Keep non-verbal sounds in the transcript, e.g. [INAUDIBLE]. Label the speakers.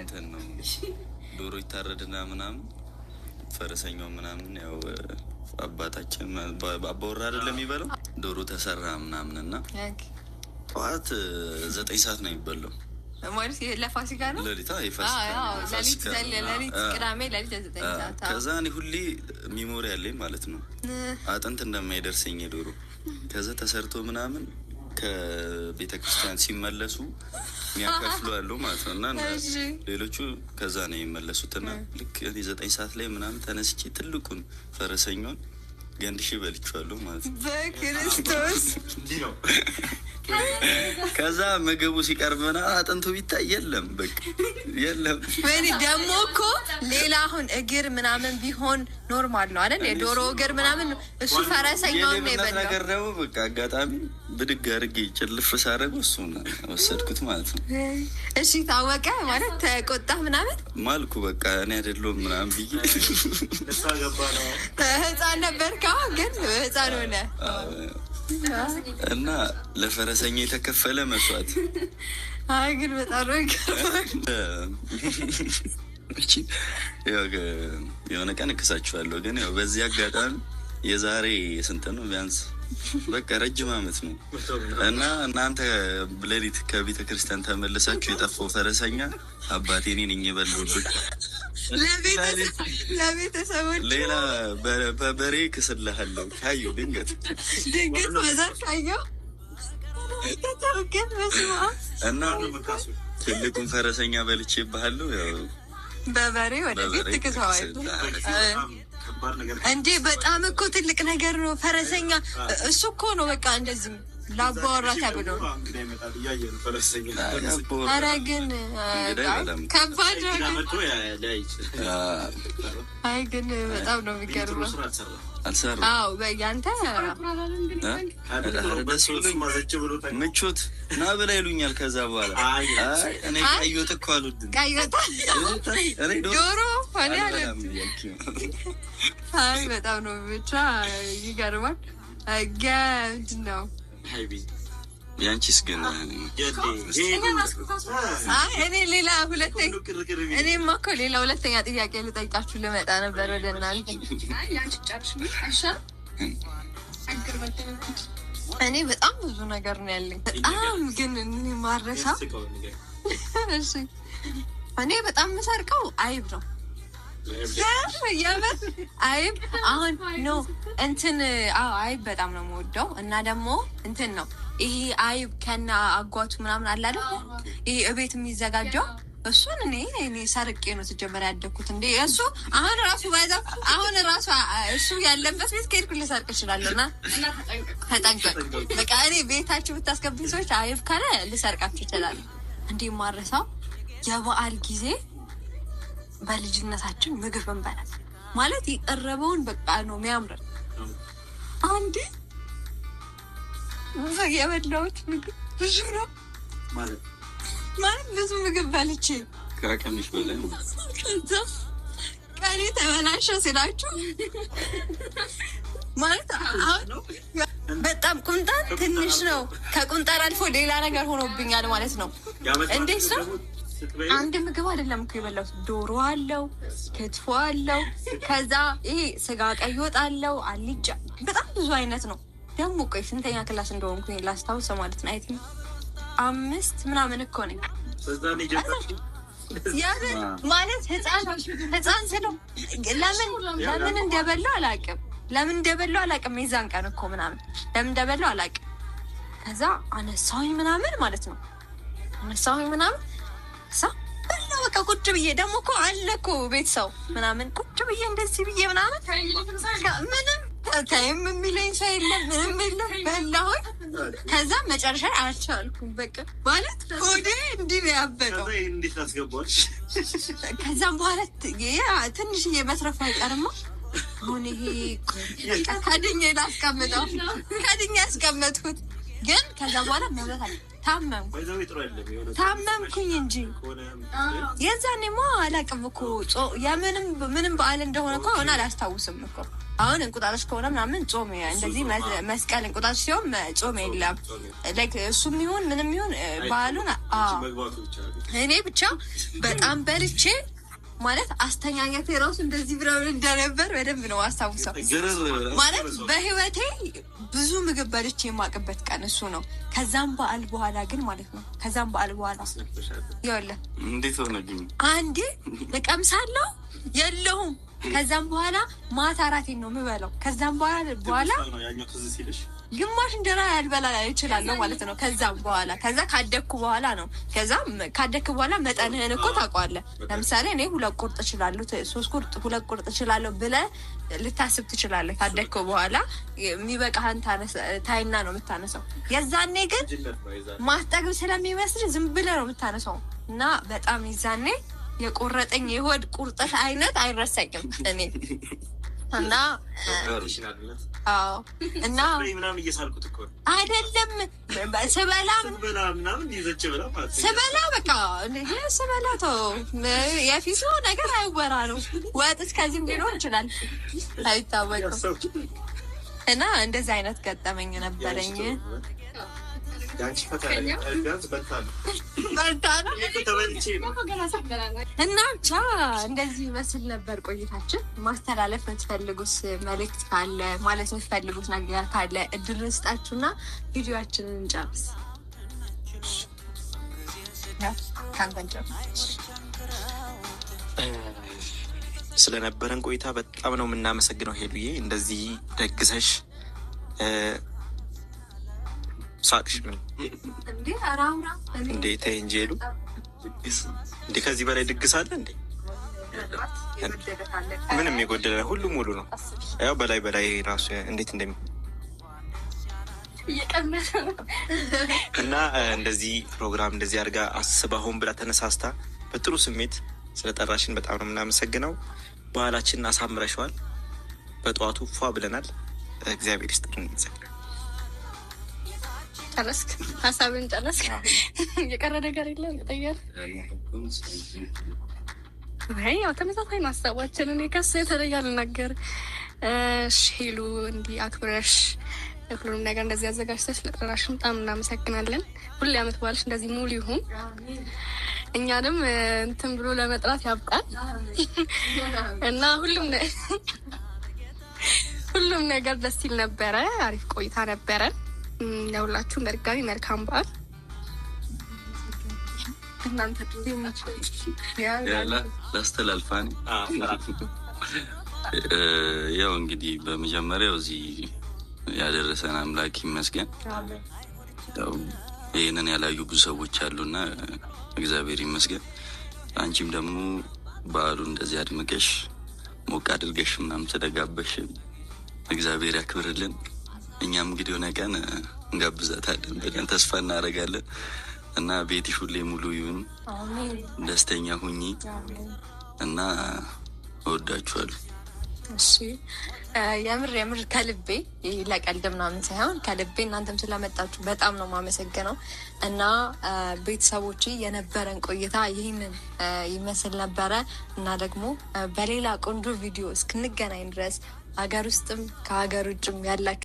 Speaker 1: እንትን ነው [LAUGHS] ዶሮ ይታረድና ምናምን ፈረሰኛው ምናምን ያው አባታችን አባወራ አይደለም የሚበለው ዶሮ ተሰራ ምናምን እና ጠዋት ዘጠኝ ሰዓት ነው የሚበላው። ከዛ እኔ ሁሌ ሚሞሪ ያለኝ ማለት ነው አጥንት እንደማይደርሰኝ ዶሮ ከዛ ተሰርቶ ምናምን ከቤተ ክርስቲያን ሲመለሱ የሚያከፍሉ ያለው ማለት ነው እና ሌሎቹ ከዛ ነው የሚመለሱት እና ልክ ዘጠኝ ሰዓት ላይ ምናምን ተነስቼ ትልቁን ፈረሰኛውን ገንድ ሺህ በልቼዋለሁ ማለት ነው።
Speaker 2: በክርስቶስ
Speaker 1: ከዛ ምግቡ ሲቀርብና አጥንቱ ቢታይ የለም፣ በቃ የለም።
Speaker 2: ወይ ደግሞ እኮ ሌላ አሁን እግር ምናምን ቢሆን ኖርማል ነው አይደል? የዶሮ እግር ምናምን እሱ ፈረሰኛውን ነው የበላው።
Speaker 1: ነገር ደግሞ በቃ አጋጣሚ ብድግ አድርጌ ጭልፍ ሳደርግ እሱ ወሰድኩት ማለት ነው።
Speaker 2: እሺ ታወቀ ማለት ተቆጣ ምናምን
Speaker 1: ማልኩ በቃ እኔ አይደለሁም ምናምን ብዬ
Speaker 2: ህፃን ነበርካ ግን ህፃን ሆነ
Speaker 1: እና ለፈረሰኛ የተከፈለ መስዋዕት።
Speaker 2: አይ ግን በጣም
Speaker 1: የሆነ ቀን እክሳችኋለሁ። ግን ያው በዚህ አጋጣሚ የዛሬ ስንት ነው ቢያንስ በቃ ረጅም አመት ነው እና እናንተ ሌሊት ከቤተ ክርስቲያን ተመልሳችሁ የጠፋው ፈረሰኛ አባቴ እኔ ነኝ የበላሁት።
Speaker 2: ለቤተሰቦች
Speaker 1: ሌላ በበሬ ክስልሃለሁ ካዩ ድንገት
Speaker 2: ድንገት መዛት ካየሁ
Speaker 1: እና ትልቁን ፈረሰኛ በልቼ ይባሃለሁ።
Speaker 2: በበሬ ወደ ትክሰዋል ከባድ ነገር እንዴ! በጣም እኮ ትልቅ ነገር ነው። ፈረሰኛ እሱ እኮ ነው በቃ እንደዚህ ላባወራ ተብሎ ኧረ ግን ከባድ ነው። አይ ግን በጣም ነው የሚገርመው።
Speaker 1: ምቾት ና ብላ ይሉኛል። ከዛ በኋላ እኔ ቀዮት እኮ
Speaker 2: ዶሮ አይ በጣም ነው ብቻ ይገርማል። ምንድን ነው ያንቺስ? ግን እኔ ሌላ ሁለተኛ እኔማ እኮ ሌላ ሁለተኛ ጥያቄ ልጠይቃችሁ ልመጣ ነበር ወደ እናንተ። እኔ በጣም ብዙ ነገር ነው ያለኝ። በጣም ግን እኔ ማረሳ እኔ በጣም የምሰርቀው አይብ ነው አይ አሁን ነው እንትን አይ በጣም ነው የምወደው እና ደግሞ እንትን ነው ይሄ አይብ ከና አጓቱ ምናምን አለ አይደል? ይሄ እቤት የሚዘጋጀው እሱን እኔ እኔ ሰርቄ ነው ስጀመር ያደግኩት። እንደ እሱ አሁን ራሱ ባይዛ አሁን ራሱ እሱ ያለበት ቤት ከሄድኩ ልሰርቅ እችላለሁ። እና ተጠንቀቅ በቃ። እኔ ቤታችሁ ብታስገብኝ ሰዎች አይብ ካለ ልሰርቃችሁ ይችላል። እንዲህ ማረሳው የበዓል ጊዜ በልጅነታችን ምግብ እንበላ ማለት የቀረበውን በቃ ነው የሚያምረን። አንድ የበላሁት ምግብ ብዙ ነው ማለት ብዙ ምግብ በልቼ
Speaker 1: ቀሪ በላይ
Speaker 2: ቀኔ ተበላሸ ሲላችሁ ማለት በጣም ቁምጣን ትንሽ ነው። ከቁምጣን አልፎ ሌላ ነገር ሆኖብኛል ማለት ነው። እንዴት ነው? አንድ ምግብ አይደለም እኮ የበላሁት። ዶሮ አለው፣ ክትፎ አለው፣ ከዛ ይሄ ስጋ ቀይ ወጥ አለው፣ አልጫ፣ በጣም ብዙ አይነት ነው። ደግሞ ቆይ ስንተኛ ክላስ እንደሆንኩ ላስታውሰ ማለት ነው። አይቲ አምስት ምናምን እኮ ነኝ ማለት ህፃን ስለ ለምን እንደበላው አላውቅም፣ ለምን እንደበላው አላውቅም። የዛን ቀን እኮ ምናምን ለምን እንደበላው አላውቅም። ከዛ አነሳሁኝ ምናምን ማለት ነው አነሳሁኝ ምናምን ሳ እና በቃ ቁጭ ብዬ ደግሞ እኮ አለ እኮ ቤተሰው ምናምን ቁጭ ብዬ እንደዚህ ብዬ ምናምን ምንም ታይም የሚለኝ ሰው የለም፣ ምንም የለም። በላሁኝ። ከዛ መጨረሻ አልቻልኩም። በቃ ማለት ወደ እንዲህ ነው ያበለው። ከዛም በኋላ ትንሽ የመትረፍ አይቀርማ አሁን ይሄ ከድኜ ላስቀምጠው ከድኜ ያስቀመጥኩት ግን ከዛ በኋላ መብረት አለ ታመምኩኝ እንጂ የዛኔ ማ አላቅም እኮ የምንም ምንም በዓል እንደሆነ እኮ አሁን አላስታውስም እኮ። አሁን እንቁጣጣሽ ከሆነ ምናምን ጾም እንደዚህ መስቀል እንቁጣጣሽ ሲሆን ጾም የለም። ላይክ እሱም ይሁን ምንም ይሁን በዓሉን እኔ ብቻ በጣም በልቼ ማለት አስተኛኘት የራሱ እንደዚህ ብለው እንደነበር በደንብ ነው አስታውሰው። ማለት በህይወቴ ብዙ ምግብ በልቼ የማቅበት ቀን እሱ ነው። ከዛም በዓል በኋላ ግን ማለት ነው ከዛም በዓል በኋላ ይኸውልህ፣ አንዴ እቀምሳለሁ የለሁም። ከዛም በኋላ ማታ እራቴን ነው የምበለው። ከዛም በኋላ ግማሽ እንጀራ ያልበላ ይችላለሁ ማለት ነው። ከዛም በኋላ ከዛ ካደግኩ በኋላ ነው። ከዛም ካደግክ በኋላ መጠንህን እኮ ታውቀዋለህ። ለምሳሌ እኔ ሁለት ቁርጥ እችላለሁ፣ ሶስት ቁርጥ፣ ሁለት ቁርጥ እችላለሁ ብለህ ልታስብ ትችላለህ። ካደግክ በኋላ የሚበቃህን ታይና ነው የምታነሳው። የዛኔ ግን ማስጠግብ ስለሚመስል ዝም ብለህ ነው የምታነሳው እና በጣም ይዛኔ የቆረጠኝ የሆድ ቁርጠት አይነት አይረሳኝም እኔ እና እና ምናምን እየሳልኩት እኮ አይደለም ስበላ ስበላ በቃ ስበላ ተው የፊሱ ነገር አይወራ ነው። ወጥ እስከዚህም ሊኖር ይችላል አይታወቅም። እና እንደዚህ አይነት ገጠመኝ ነበረኝ።
Speaker 1: እና ብቻ
Speaker 2: እንደዚህ ይመስል ነበር ቆይታችን። ማስተላለፍ የምትፈልጉት መልእክት ካለ ማለት የምትፈልጉት ነገር ካለ እድል እንስጣችሁና ቪዲዮችንን እንጨርስ።
Speaker 1: ስለነበረን ቆይታ በጣም ነው የምናመሰግነው ሄዱዬ እንደዚህ ደግሰሽ ሳቅሽ ምን እንዴ? ተይ እንጂ ሄሉ እንዴ! ከዚህ በላይ ድግስ አለ እንዴ? ምንም የጎደለ ሁሉም ሙሉ ነው። ያው በላይ በላይ ራሱ እንዴት እንደሚ እና እንደዚህ ፕሮግራም እንደዚህ አድርጋ አስባሁን ብላ ተነሳስታ በጥሩ ስሜት ስለጠራሽን በጣም ነው የምናመሰግነው። ባህላችንን አሳምረሸዋል። በጠዋቱ ፏ ብለናል። እግዚአብሔር ይስጥልን።
Speaker 2: ጨረስክ? ሀሳብን ጨረስክ? የቀረ ነገር የለም። ጠያል ያው ተመሳሳይ ሀሳባችንን የከስ የተለየ አልናገር ሄሉ እንዲህ አክብረሽ ሁሉንም ነገር እንደዚህ አዘጋጅተሽ ለጠራሽ በጣም እናመሰግናለን። ሁሌ አመት በዓልሽ እንደዚህ ሙሉ ይሁን። እኛንም እንትን ብሎ ለመጥራት ያብቃል እና ሁሉም ሁሉም ነገር ደስ ሲል ነበረ። አሪፍ ቆይታ ነበረን። ለሁላችሁም በድጋሚ መልካም በዓል። እናንተ
Speaker 1: ያው እንግዲህ በመጀመሪያው እዚህ ያደረሰን አምላክ ይመስገን። ይህንን ያላዩ ብዙ ሰዎች አሉና እግዚአብሔር ይመስገን። አንቺም ደግሞ በዓሉ እንደዚህ አድምቀሽ ሞቅ አድርገሽ ምናምን ተደጋበሽ እግዚአብሔር ያክብርልን። እኛም እንግዲህ የሆነ ቀን እንጋብዛታለን። በቀን ተስፋ እናደርጋለን እና ቤት ሁሌ ሙሉ ይሁን፣ ደስተኛ ሁኚ እና እወዳችኋለሁ።
Speaker 2: እሺ የምር የምር ከልቤ ለቀልድ ምናምን ሳይሆን ከልቤ እናንተም ስለመጣችሁ በጣም ነው የማመሰግነው እና ቤተሰቦች የነበረን ቆይታ ይህንን ይመስል ነበረ እና ደግሞ በሌላ ቆንጆ ቪዲዮ እስክንገናኝ ድረስ ሀገር ውስጥም ከሀገር ውጭም ያላችሁ